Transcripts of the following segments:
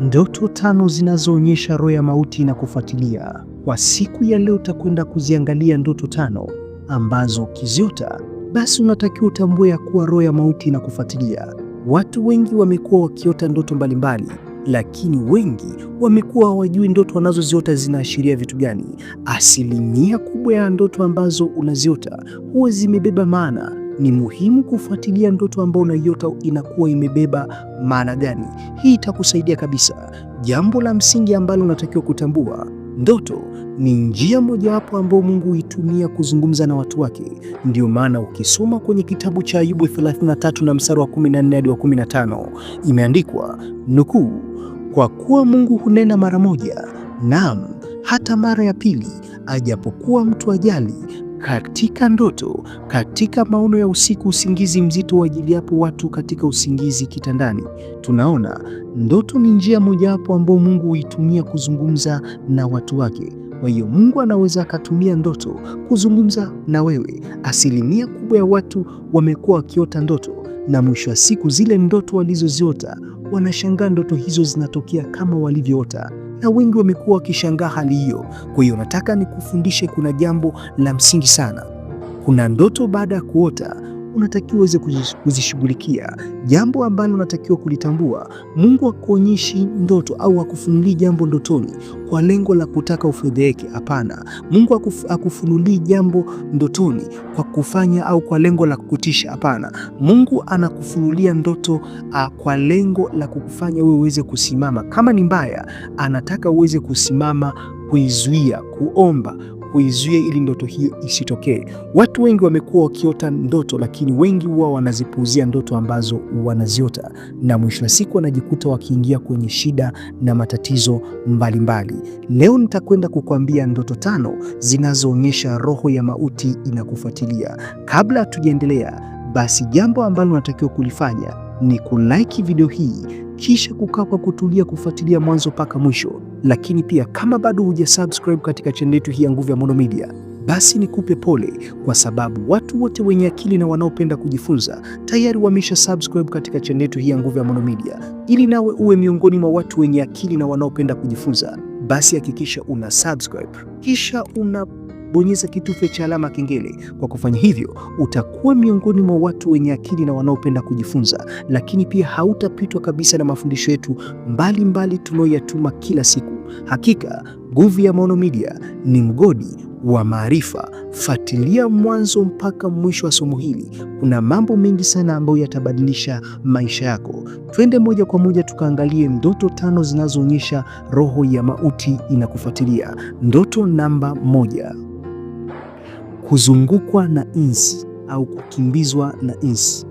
Ndoto tano zinazoonyesha roho ya mauti na kufuatilia. Kwa siku ya leo utakwenda kuziangalia ndoto tano ambazo ukiziota basi unatakiwa utambue ya kuwa roho ya mauti na kufuatilia. Watu wengi wamekuwa wakiota ndoto mbalimbali lakini wengi wamekuwa hawajui ndoto wanazoziota zinaashiria vitu gani. Asilimia kubwa ya ndoto ambazo unaziota huwa zimebeba maana ni muhimu kufuatilia ndoto ambayo unaiota inakuwa imebeba maana gani. Hii itakusaidia kabisa. Jambo la msingi ambalo unatakiwa kutambua, ndoto ni njia mojawapo ambayo Mungu huitumia kuzungumza na watu wake. Ndio maana ukisoma kwenye kitabu cha Ayubu 33 na mstari wa 14 hadi wa 15 imeandikwa nukuu, kwa kuwa Mungu hunena mara moja, naam hata mara ya pili, ajapokuwa mtu ajali katika ndoto, katika maono ya usiku, usingizi mzito yapo watu katika usingizi kitandani. Tunaona ndoto ni njia mojawapo ambayo Mungu huitumia kuzungumza na watu wake. Kwa hiyo Mungu anaweza akatumia ndoto kuzungumza na wewe. Asilimia kubwa ya watu wamekuwa wakiota ndoto na mwisho wa siku zile ndoto walizoziota wanashangaa ndoto hizo zinatokea kama walivyoota na wengi wamekuwa wakishangaa hali hiyo. Kwa hiyo nataka nikufundishe, kuna jambo la msingi sana. Kuna ndoto baada ya kuota unatakiwa uweze kuzishughulikia. Jambo ambalo unatakiwa kulitambua, Mungu akuonyeshi ndoto au akufunulii jambo ndotoni kwa lengo la kutaka ufedheheke. Hapana, Mungu akufunulii jambo ndotoni kwa kufanya au kwa lengo la kukutisha. Hapana, Mungu anakufunulia ndoto a, ah, kwa lengo la kukufanya wewe uweze kusimama. Kama ni mbaya, anataka uweze kusimama, kuizuia, kuomba uizuie ili ndoto hiyo isitokee. Watu wengi wamekuwa wakiota ndoto, lakini wengi wao wanazipuuzia ndoto ambazo wanaziota, na mwisho wa siku wanajikuta wakiingia kwenye shida na matatizo mbalimbali mbali. Leo nitakwenda kukuambia ndoto tano zinazoonyesha roho ya mauti inakufuatilia. Kabla hatujaendelea, basi jambo ambalo unatakiwa kulifanya ni kulike video hii kisha kukaa kwa kutulia kufuatilia mwanzo mpaka mwisho. Lakini pia kama bado hujasubscribe katika chaneli yetu hii ya Nguvu ya Maono Media, basi nikupe pole, kwa sababu watu wote wenye akili na wanaopenda kujifunza tayari wamesha subscribe katika chaneli yetu hii ya Nguvu ya Maono Media. Ili nawe uwe miongoni mwa watu wenye akili na wanaopenda kujifunza, basi hakikisha una subscribe kisha una bonyeza kitufe cha alama kengele. Kwa kufanya hivyo, utakuwa miongoni mwa watu wenye akili na wanaopenda kujifunza, lakini pia hautapitwa kabisa na mafundisho yetu mbalimbali tunayoyatuma kila siku. Hakika nguvu ya Maono Media ni mgodi wa maarifa. Fuatilia mwanzo mpaka mwisho wa somo hili. Kuna mambo mengi sana ambayo yatabadilisha maisha yako. Twende moja kwa moja tukaangalie ndoto tano zinazoonyesha roho ya mauti inakufuatilia. Ndoto namba moja kuzungukwa na insi au kukimbizwa na insi.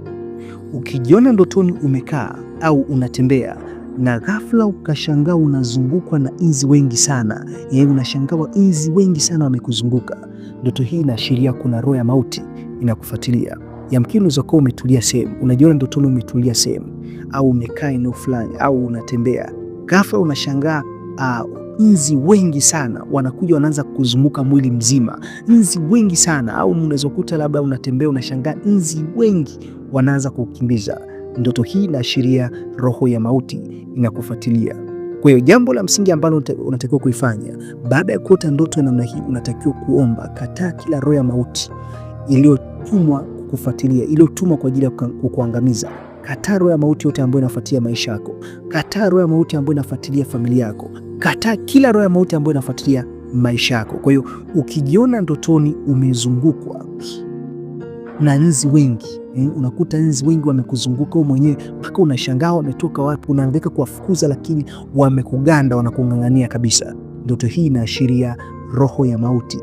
Ukijiona ndotoni umekaa au unatembea na ghafla ukashangaa unazungukwa na inzi wengi sana, yaani unashangaa inzi wengi sana wamekuzunguka, ndoto hii inaashiria kuna roho ya mauti inakufuatilia. Yamkini unaweza kuwa umetulia sehemu, unajiona ndotoni umetulia sehemu au umekaa eneo fulani au unatembea, ghafla unashangaa uh, nzi wengi sana wanakuja wanaanza kuzunguka mwili mzima, nzi wengi sana au unaweza kukuta labda unatembea unashangaa nzi wengi wanaanza kukimbiza. Ndoto hii inaashiria roho ya mauti inakufuatilia. Kwa hiyo jambo la msingi ambalo unatakiwa kuifanya baada ya kuota ndoto ya namna hii, unatakiwa kuomba, kataa kila roho ya mauti iliyotumwa kufuatilia, iliyotumwa kwa ajili ya kukuangamiza. Kataa roho ya mauti yote ambayo inafuatilia maisha yako. Kataa roho ya mauti ambayo inafuatilia familia yako. Kataa kila roho ya mauti ambayo inafuatilia maisha yako. Kwa hiyo ukijiona ndotoni umezungukwa na nzi wengi eh, unakuta nzi wengi wamekuzunguka wewe mwenyewe mpaka unashangaa wametoka wapi, unaangaika kuwafukuza, lakini wamekuganda, wanakung'ang'ania kabisa. Ndoto hii inaashiria roho ya mauti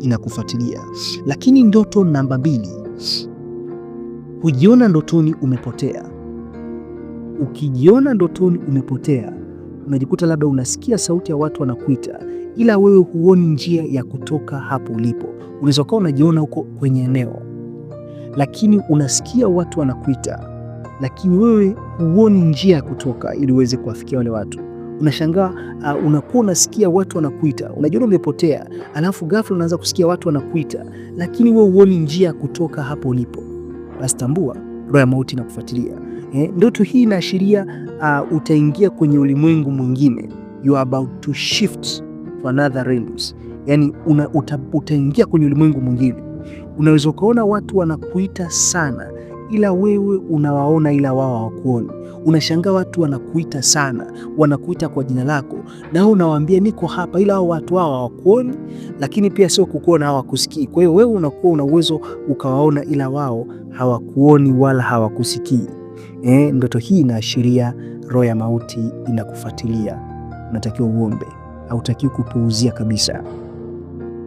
inakufuatilia. Lakini ndoto namba mbili, hujiona ndotoni umepotea. Ukijiona ndotoni umepotea unajikuta labda unasikia sauti ya watu wanakuita, ila wewe huoni njia ya kutoka hapo ulipo. Unaweza ukawa unajiona huko kwenye eneo, lakini unasikia watu wanakuita, lakini wewe huoni njia ya kutoka ili uweze kuwafikia wale watu. Unashangaa uh, unakuwa unasikia watu wanakuita, unajiona umepotea, alafu ghafla unaanza kusikia watu wanakuita, lakini wewe huoni njia ya kutoka hapo ulipo. Basi tambua, roho ya mauti inakufuatilia. Eh, ndoto hii inaashiria uh, utaingia kwenye ulimwengu mwingine, you are about to shift to another realms, yani una, uta, utaingia kwenye ulimwengu mwingine. Unaweza ukaona watu wanakuita sana ila wewe unawaona ila wao hawakuoni. Unashangaa watu wanakuita sana, wanakuita kwa jina lako, na wewe unawaambia niko hapa, ila hao watu hao hawakuoni, lakini pia sio kukuona, hawakusikii. Kwa hiyo wewe unakuwa una uwezo ukawaona, ila wao hawakuoni wala hawakusikii eh, ndoto hii inaashiria roho ya mauti inakufuatilia. Unatakiwa uombe, hautakiwi kupuuzia kabisa.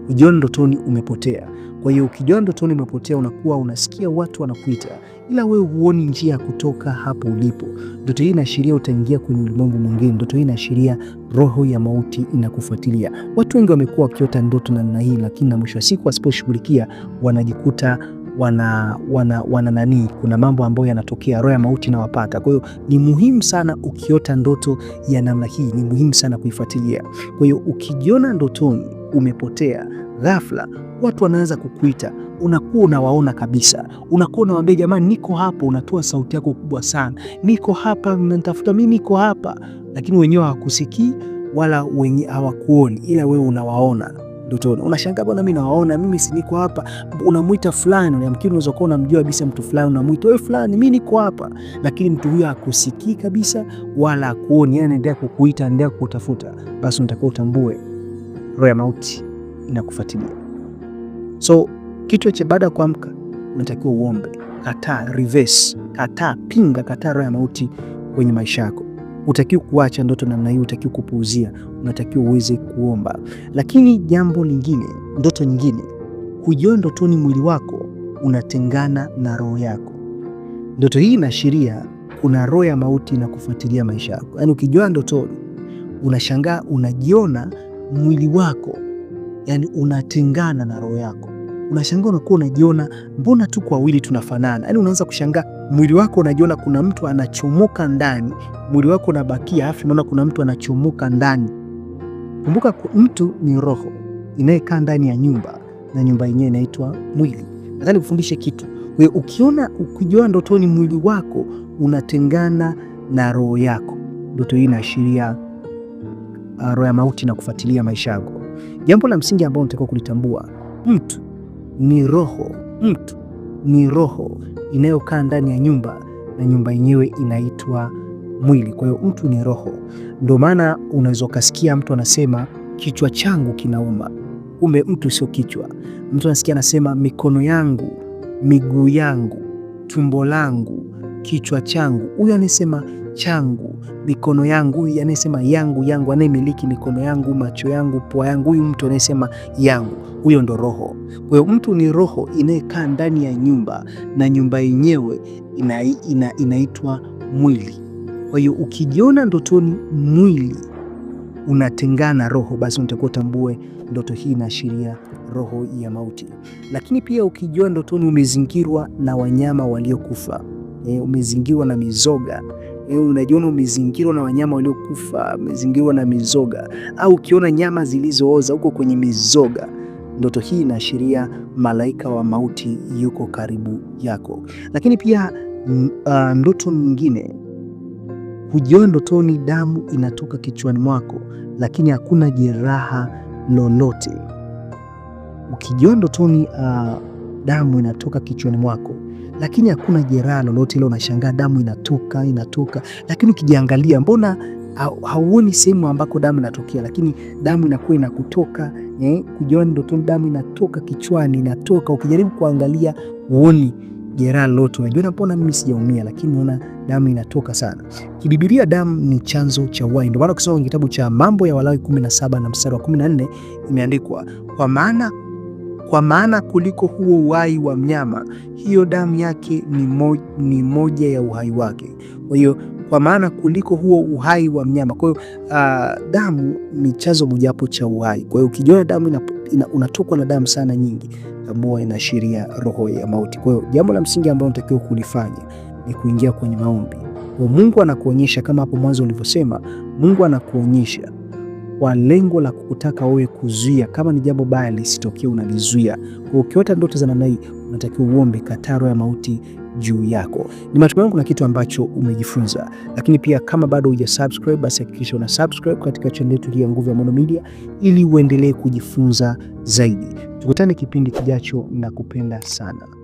Ujiona ndotoni umepotea. Kwa hiyo ukijiona ndotoni umepotea, unakuwa unasikia watu wanakuita, ila wewe huoni njia ya kutoka hapo ulipo. Ndoto hii inaashiria utaingia kwenye ulimwengu mwingine. Ndoto hii inaashiria roho ya mauti inakufuatilia. Watu wengi wamekuwa wakiota ndoto namna hii, lakini na mwisho wa siku wasiposhughulikia wanajikuta wana, wana, wana nani, kuna mambo ambayo yanatokea, roho ya mauti nawapata. Kwa hiyo ni muhimu sana ukiota ndoto ya namna hii, ni muhimu sana kuifuatilia. Kwa hiyo ukijiona ndotoni umepotea ghafla, watu wanaweza kukuita unakuwa unawaona kabisa, unakuwa unawaambia jamani, niko hapa. Unatoa sauti yako kubwa sana, niko hapa, mnanitafuta mimi, niko hapa, lakini wenyewe hawakusikii wala wenye hawakuoni, ila wewe unawaona ndotoni. Unashangaa bwana, mimi nawaona, mimi si niko hapa. Unamwita fulani, unamkiri, unaweza kuwa unamjua kabisa mtu fulani, unamwita wewe fulani, mimi niko hapa, lakini mtu huyo akusikii kabisa wala hakuoni, yani anaendelea kukuita, anaendelea kukutafuta, basi unatakiwa utambue roho ya mauti inakufuatilia. So kitu cha baada ya kuamka unatakiwa uombe, kataa reverse, kataa pinga, kataa roho ya mauti kwenye maisha yako. Utakiwa kuacha ndoto namna hiyo, utakiwa kupuuzia, unatakiwa uweze kuomba. Lakini jambo lingine, ndoto nyingine, hujiona ndotoni mwili wako unatengana na roho yako. Ndoto hii inaashiria kuna roho ya mauti na kufuatilia maisha yako. Yaani ukijua ndotoni unashangaa, unajiona mwili wako yani unatengana na roho yako, unashangaa unakuwa unajiona, mbona tuko wawili tunafanana? Yani unaanza kushangaa mwili wako unajiona kuna mtu anachomoka ndani, mwili wako unabakia afu unaona kuna mtu anachomoka ndani. Kumbuka mtu ni roho inayekaa ndani ya nyumba na nyumba yenyewe inaitwa mwili. Nadhani ufundishe kitu. we, ukiona ukijiona ndotoni mwili wako unatengana na roho yako, ndoto hii inaashiria uh, roho ya mauti na kufuatilia maisha yako. Jambo la msingi ambao unatakiwa kulitambua, mtu ni roho, mtu ni roho inayokaa ndani ya nyumba na nyumba yenyewe inaitwa mwili. Kwa hiyo mtu ni roho. Ndio maana unaweza ukasikia mtu anasema kichwa changu kinauma, kumbe mtu sio kichwa. Mtu anasikia anasema mikono yangu, miguu yangu, tumbo langu, kichwa changu. Huyo anasema changu mikono yangu, huyu anayesema yangu yangu, anayemiliki mikono yangu, macho yangu, pua yangu, huyu mtu anayesema yangu, huyo ndo roho. Kwa hiyo mtu ni roho inayekaa ndani ya nyumba na nyumba yenyewe ina, ina, inaitwa mwili. Kwa hiyo ukijiona ndotoni mwili unatengana roho, basi unatakiwa utambue ndoto hii inaashiria roho ya mauti. Lakini pia ukijiona ndotoni umezingirwa na wanyama waliokufa, e, umezingirwa na mizoga Eh, unajiona umezingirwa na wanyama waliokufa, umezingirwa na mizoga, au ukiona nyama zilizooza huko kwenye mizoga Ndoto hii inaashiria malaika wa mauti yuko karibu yako. Lakini pia uh, ndoto nyingine, hujiona ndotoni damu inatoka kichwani mwako, lakini hakuna jeraha lolote. Ukijiona ndotoni uh, damu inatoka kichwani mwako, lakini hakuna jeraha lolote ile. Unashangaa damu inatoka inatoka, lakini ukijiangalia, mbona hauoni sehemu ambako damu inatokea, lakini damu inakuwa inakutoka eh, kujiona ndotoni, damu inatoka kichwani inatoka, ukijaribu kuangalia huoni jeraha lolote. Unajiona mbona mimi sijaumia, lakini naona damu inatoka sana. Kibibilia, damu ni chanzo cha uhai. Ndio maana ukisoma kitabu cha Mambo ya Walawi 17 na mstari wa 14 imeandikwa kwa maana kwa maana kuliko huo uhai wa mnyama, hiyo damu yake ni, mo, ni moja ya uhai wake. Kwa hiyo kwa maana kuliko huo uhai wa mnyama. Kwa hiyo uh, damu ni chanzo mojawapo cha uhai. Kwa hiyo ukijiona damu unatokwa na damu sana nyingi, ambayo inaashiria roho ya mauti. Kwa hiyo jambo la msingi ambalo unatakiwa kulifanya ni kuingia kwenye maombi. Mungu anakuonyesha kama hapo mwanzo ulivyosema, Mungu anakuonyesha kwa lengo la kukutaka wewe kuzuia. Kama ni jambo baya lisitokee, unalizuia. Kwa ukiota ndoto za namna hii, unatakiwa uombe kataro ya mauti juu yako. Ni matumaini kuna kitu ambacho umejifunza, lakini pia kama bado huja subscribe, basi hakikisha una subscribe katika channel yetu ya Nguvu ya Maono Media ili uendelee kujifunza zaidi. Tukutane kipindi kijacho na kupenda sana.